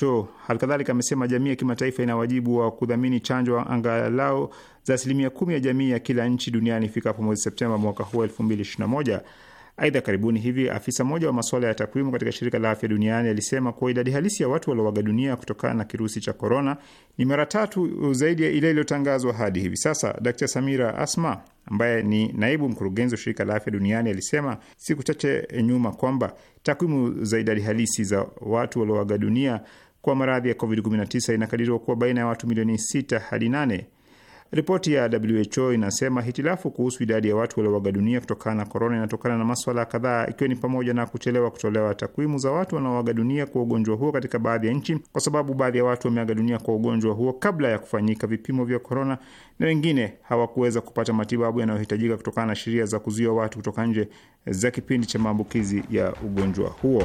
WHO halikadhalika amesema jamii ya kimataifa ina wajibu wa kudhamini chanjo angalau za asilimia kumi ya jamii ya kila nchi duniani ifikapo mwezi Septemba mwaka huu 2021. Aidha, karibuni hivi afisa mmoja wa masuala ya takwimu katika shirika la afya duniani alisema kuwa idadi halisi ya watu walioaga dunia kutokana na kirusi cha korona ni mara tatu zaidi ya ile iliyotangazwa hadi hivi sasa. d Samira Asma ambaye ni naibu mkurugenzi wa shirika la afya duniani alisema siku chache nyuma kwamba takwimu za idadi halisi za watu walioaga dunia kwa maradhi ya COVID-19 inakadiriwa kuwa baina ya watu milioni 6 hadi 8. Ripoti ya WHO inasema hitilafu kuhusu idadi ya watu walioaga dunia kutokana na korona inatokana na maswala kadhaa, ikiwa ni pamoja na kuchelewa kutolewa takwimu za watu wanaoaga dunia kwa ugonjwa huo katika baadhi ya nchi, kwa sababu baadhi ya watu wameaga dunia kwa ugonjwa huo kabla ya kufanyika vipimo vya korona, na wengine hawakuweza kupata matibabu yanayohitajika kutokana na sheria za kuzuia watu kutoka nje za kipindi cha maambukizi ya ugonjwa huo.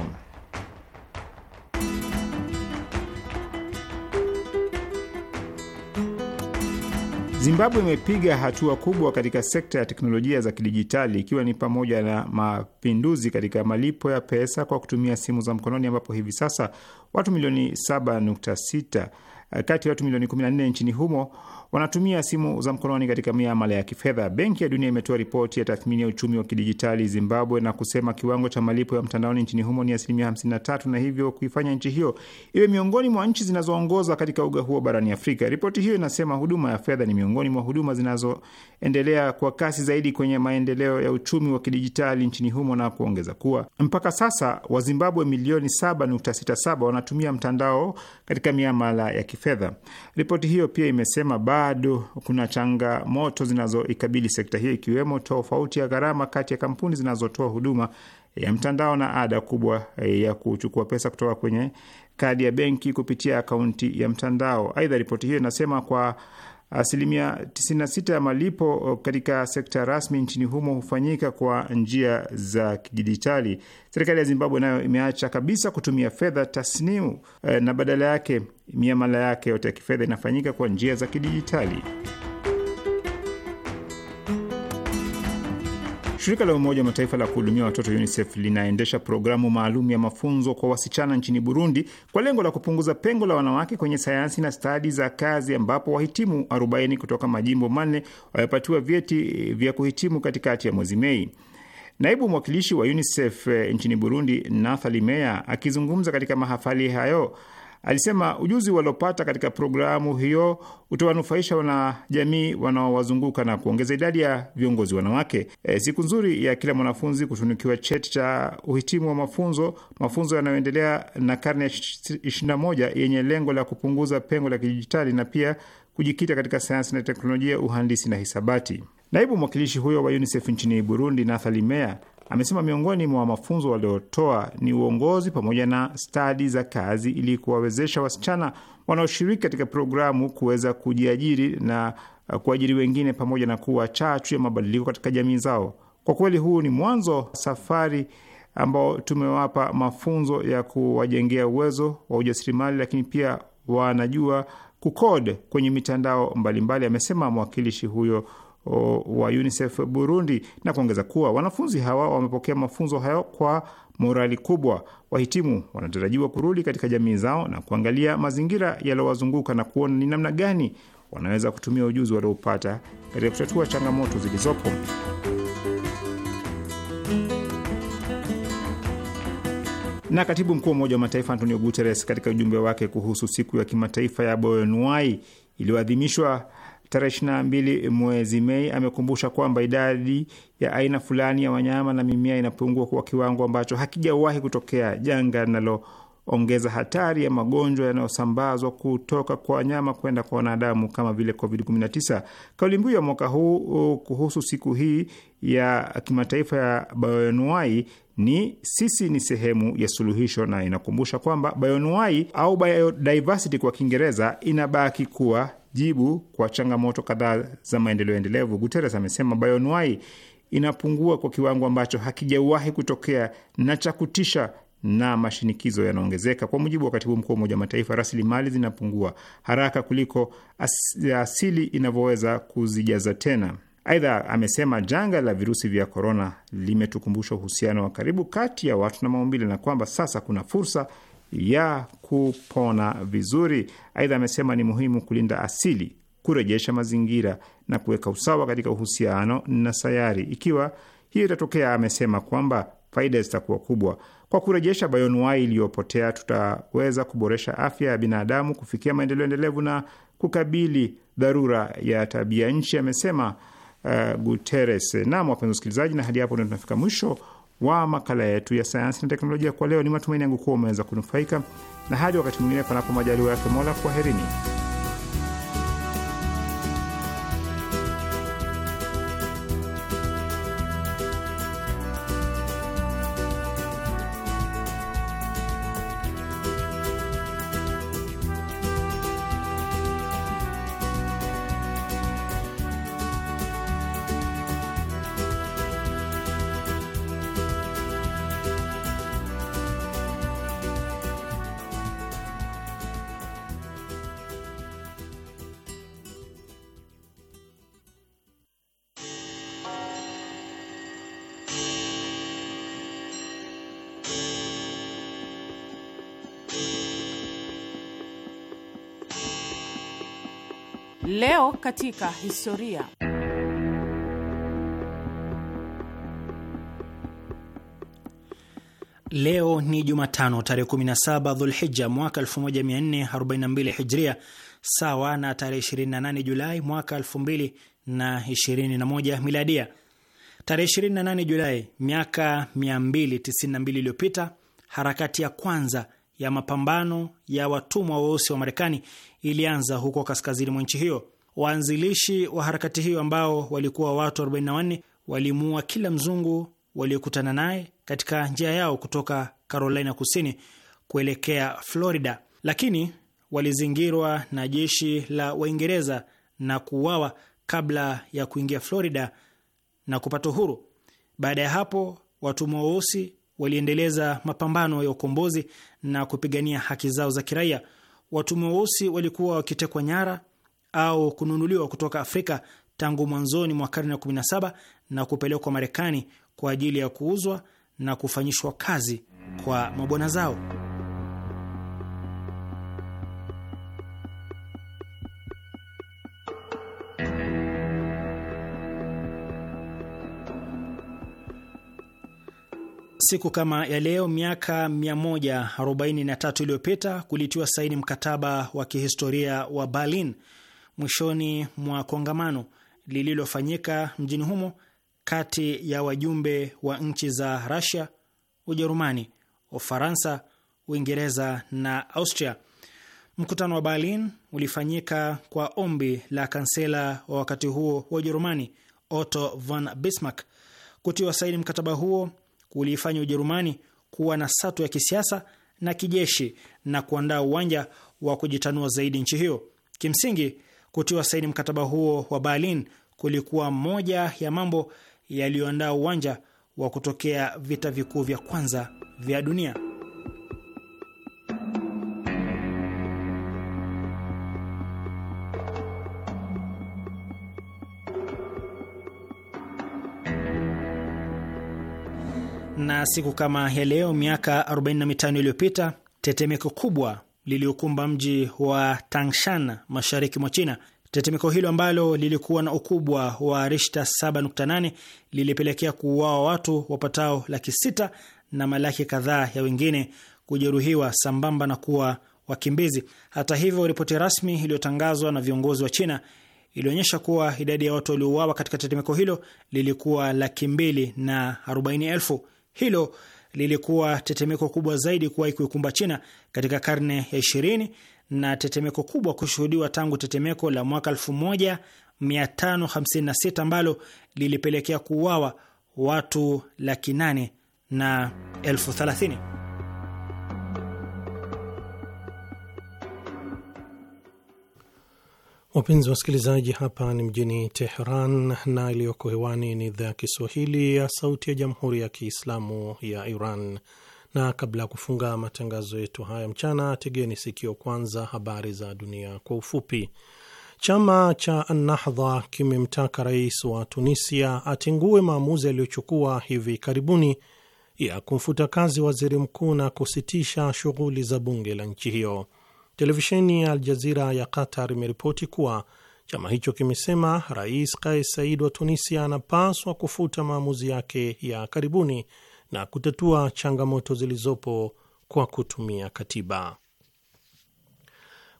Zimbabwe imepiga hatua kubwa katika sekta ya teknolojia za kidijitali ikiwa ni pamoja na mapinduzi katika malipo ya pesa kwa kutumia simu za mkononi ambapo hivi sasa watu milioni 7.6 kati ya watu milioni 14 nchini humo wanatumia simu za mkononi katika miamala ya kifedha. Benki ya Dunia imetoa ripoti ya tathmini ya uchumi wa kidijitali Zimbabwe na kusema kiwango cha malipo ya mtandaoni nchini humo ni asilimia 53 na hivyo kuifanya nchi hiyo iwe miongoni mwa nchi zinazoongoza katika uga huo barani Afrika. Ripoti hiyo inasema huduma ya fedha ni miongoni mwa huduma zinazoendelea kwa kasi zaidi kwenye maendeleo ya uchumi wa kidijitali nchini humo na kuongeza kuwa mpaka sasa Wazimbabwe milioni 7.67 wanatumia mtandao katika miamala ya kifedha. Ripoti hiyo pia imesema bado kuna changamoto zinazoikabili sekta hiyo, ikiwemo tofauti ya gharama kati ya kampuni zinazotoa huduma ya mtandao na ada kubwa eh, ya kuchukua pesa kutoka kwenye kadi ya benki kupitia akaunti ya mtandao. Aidha, ripoti hiyo inasema kwa asilimia 96 ya malipo katika sekta rasmi nchini humo hufanyika kwa njia za kidijitali. Serikali ya Zimbabwe nayo imeacha kabisa kutumia fedha tasnimu eh, na badala yake miamala yake yote ya kifedha inafanyika kwa njia za kidijitali. Shirika la Umoja wa Mataifa la kuhudumia watoto UNICEF linaendesha programu maalum ya mafunzo kwa wasichana nchini Burundi kwa lengo la kupunguza pengo la wanawake kwenye sayansi na stadi za kazi, ambapo wahitimu 40 kutoka majimbo manne wamepatiwa vyeti vya kuhitimu katikati ya mwezi Mei. Naibu mwakilishi wa UNICEF eh, nchini Burundi, Nathali Meya, akizungumza katika mahafali hayo Alisema ujuzi waliopata katika programu hiyo utawanufaisha wanajamii wanaowazunguka na kuongeza idadi ya viongozi wanawake. E, siku nzuri ya kila mwanafunzi kutunukiwa cheti cha uhitimu wa mafunzo, mafunzo yanayoendelea na karne ya 21 yenye lengo la kupunguza pengo la kidijitali na pia kujikita katika sayansi na teknolojia, uhandisi na hisabati. Naibu mwakilishi huyo wa UNICEF nchini Burundi, Nathali mea Amesema miongoni mwa mafunzo waliotoa ni uongozi pamoja na stadi za kazi ili kuwawezesha wasichana wanaoshiriki katika programu kuweza kujiajiri na uh, kuajiri wengine pamoja na kuwa chachu ya mabadiliko katika jamii zao. Kwa kweli huu ni mwanzo safari ambao tumewapa mafunzo ya kuwajengea uwezo wa ujasiriamali, lakini pia wanajua kukod kwenye mitandao mbalimbali mbali, amesema mwakilishi huyo wa UNICEF Burundi na kuongeza kuwa wanafunzi hawa wamepokea mafunzo hayo kwa morali kubwa. Wahitimu wanatarajiwa kurudi katika jamii zao na kuangalia mazingira yaliyowazunguka na kuona ni namna gani wanaweza kutumia ujuzi waliopata katika kutatua changamoto zilizopo. Na katibu mkuu wa Umoja wa Mataifa Antonio Guterres katika ujumbe wake kuhusu siku ya kimataifa ya Bioanuwai iliyoadhimishwa tarehe 22 mwezi Mei amekumbusha kwamba idadi ya aina fulani ya wanyama na mimea inapungua kwa kiwango ambacho hakijawahi kutokea, janga linaloongeza hatari ya magonjwa yanayosambazwa kutoka kwa wanyama kwenda kwa wanadamu kama vile COVID-19. Kauli mbiu ya mwaka huu uh, kuhusu siku hii ya kimataifa ya bayoanuai ni sisi ni sehemu ya suluhisho, na inakumbusha kwamba bayoanuai au biodiversity kwa Kiingereza inabaki kuwa jibu kwa changamoto kadhaa za maendeleo endelevu. Guterres amesema bayonwai inapungua kwa kiwango ambacho hakijawahi kutokea na cha kutisha na mashinikizo yanaongezeka. Kwa mujibu wa katibu mkuu wa Umoja wa Mataifa, rasilimali zinapungua haraka kuliko asili inavyoweza kuzijaza tena. Aidha amesema janga la virusi vya korona limetukumbusha uhusiano wa karibu kati ya watu na maumbile na kwamba sasa kuna fursa ya kupona vizuri. Aidha, amesema ni muhimu kulinda asili, kurejesha mazingira na kuweka usawa katika uhusiano na sayari. Ikiwa hiyo itatokea, amesema kwamba faida zitakuwa kubwa. Kwa kurejesha bayonuai iliyopotea, tutaweza kuboresha afya ya binadamu, kufikia maendeleo endelevu na kukabili dharura ya tabia nchi, amesema uh, Guterres. Naam, wapenzi wasikilizaji, na hadi hapo ndio tunafika mwisho wa makala yetu ya sayansi na teknolojia kwa leo. Ni matumaini yangu kuwa umeweza kunufaika, na hadi wakati mwingine, panapo majaliwa yake Mola, kwaherini. Leo katika historia. Leo ni Jumatano tarehe 17 Dhulhija mwaka 1442 Hijria, sawa na tarehe 28 Julai mwaka 2021 Miladia. Tarehe 28 Julai miaka 292 iliyopita, harakati ya kwanza ya mapambano ya watumwa weusi wa Marekani ilianza huko kaskazini mwa nchi hiyo. Waanzilishi wa harakati hiyo ambao walikuwa watu 44 walimuua kila mzungu waliokutana naye katika njia yao kutoka Carolina Kusini kuelekea Florida, lakini walizingirwa na jeshi la Waingereza na kuuawa kabla ya kuingia Florida na kupata uhuru. Baada ya hapo, watumwa weusi waliendeleza mapambano ya ukombozi na kupigania haki zao za kiraia. Watumwa weusi walikuwa wakitekwa nyara au kununuliwa kutoka Afrika tangu mwanzoni mwa karne ya 17 na kupelekwa Marekani kwa ajili ya kuuzwa na kufanyishwa kazi kwa mabwana zao. Siku kama ya leo miaka 143 iliyopita kulitiwa saini mkataba wa kihistoria wa Berlin mwishoni mwa kongamano lililofanyika mjini humo kati ya wajumbe wa nchi za Russia, Ujerumani, Ufaransa, Uingereza na Austria. Mkutano wa Berlin ulifanyika kwa ombi la kansela wa wakati huo wa Ujerumani Otto von Bismarck. Kutiwa saini mkataba huo kuliifanya Ujerumani kuwa na sato ya kisiasa na kijeshi na kuandaa uwanja wa kujitanua zaidi nchi hiyo. Kimsingi, kutiwa saini mkataba huo wa Berlin kulikuwa moja ya mambo yaliyoandaa uwanja wa kutokea vita vikuu vya kwanza vya dunia. na siku kama ya leo miaka 45 iliyopita tetemeko kubwa liliokumba mji wa Tangshan mashariki mwa China. Tetemeko hilo ambalo lilikuwa na ukubwa wa rishta 7.8 lilipelekea kuuawa watu wapatao laki sita na malaki kadhaa ya wengine kujeruhiwa sambamba na kuwa wakimbizi. Hata hivyo, ripoti rasmi iliyotangazwa na viongozi wa China ilionyesha kuwa idadi ya watu waliouawa katika tetemeko hilo lilikuwa laki mbili na arobaini elfu. Hilo lilikuwa tetemeko kubwa zaidi kuwahi kuikumba China katika karne ya 20 na tetemeko kubwa kushuhudiwa tangu tetemeko la mwaka 1556 ambalo lilipelekea kuuawa watu laki nane na elfu thelathini. Wapenzi wasikilizaji, hapa ni mjini Teheran na iliyoko hewani ni idhaa ya Kiswahili ya Sauti ya Jamhuri ya Kiislamu ya Iran. Na kabla ya kufunga matangazo yetu haya mchana, tegeni sikio kwanza habari za dunia kwa ufupi. Chama cha Annahdha kimemtaka rais wa Tunisia atengue maamuzi aliyochukua hivi karibuni ya kumfuta kazi waziri mkuu na kusitisha shughuli za bunge la nchi hiyo. Televisheni ya Aljazira ya Qatar imeripoti kuwa chama hicho kimesema Rais Kais Said wa Tunisia anapaswa kufuta maamuzi yake ya karibuni na kutatua changamoto zilizopo kwa kutumia katiba.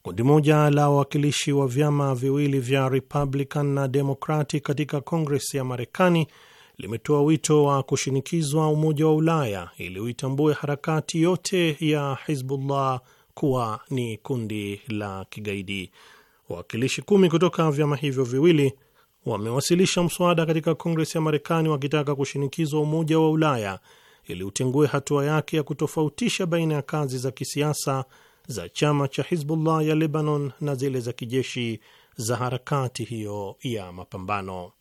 Kundi moja la wawakilishi wa vyama viwili vya Republican na demokrati katika Kongres ya Marekani limetoa wito wa kushinikizwa Umoja wa Ulaya ili uitambue harakati yote ya Hizbullah kuwa ni kundi la kigaidi. Wawakilishi kumi kutoka vyama hivyo viwili wamewasilisha mswada katika Kongresi ya Marekani wakitaka kushinikizwa Umoja wa Ulaya ili utengue hatua yake ya kutofautisha baina ya kazi za kisiasa za chama cha Hizbullah ya Lebanon na zile za kijeshi za harakati hiyo ya mapambano.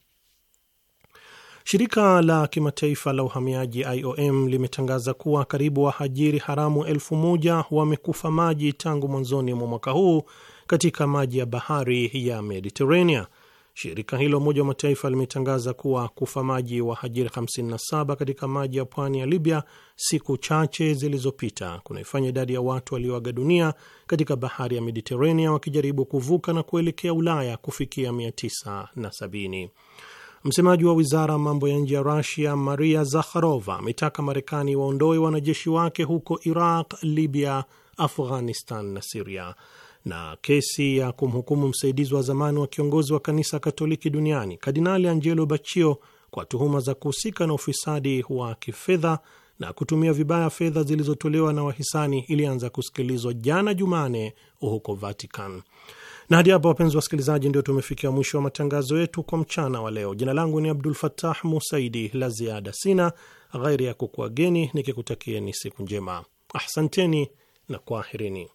Shirika la kimataifa la uhamiaji IOM limetangaza kuwa karibu wahajiri haramu elfu moja wamekufa maji tangu mwanzoni mwa mwaka huu katika maji ya bahari ya Mediterania. Shirika hilo Umoja wa Mataifa limetangaza kuwa kufa maji wahajiri 57 katika maji ya pwani ya Libya siku chache zilizopita kunaifanya idadi ya watu walioaga dunia katika bahari ya Mediterania wakijaribu kuvuka na kuelekea Ulaya kufikia 970. Msemaji wa wizara ya mambo ya nje ya Rusia, Maria Zakharova, ametaka Marekani waondoe wanajeshi wake huko Iraq, Libya, Afghanistan na Siria. Na kesi ya kumhukumu msaidizi wa zamani wa kiongozi wa kanisa Katoliki duniani Kardinali Angelo Bacchio kwa tuhuma za kuhusika na ufisadi wa kifedha na kutumia vibaya fedha zilizotolewa na wahisani ilianza kusikilizwa jana Jumane huko Vatican. Na hadi hapa, wapenzi wasikilizaji, ndio tumefikia mwisho wa matangazo yetu kwa mchana wa leo. Jina langu ni Abdul fatah Musaidi. La ziada sina ghairi ya kukuageni nikikutakieni siku njema. Ahsanteni na kwaherini.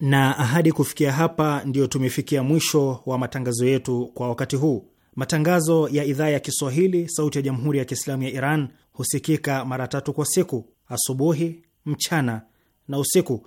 Na ahadi kufikia hapa, ndio tumefikia mwisho wa matangazo yetu kwa wakati huu. Matangazo ya idhaa ya Kiswahili sauti ya jamhuri ya Kiislamu ya Iran husikika mara tatu kwa siku: asubuhi, mchana na usiku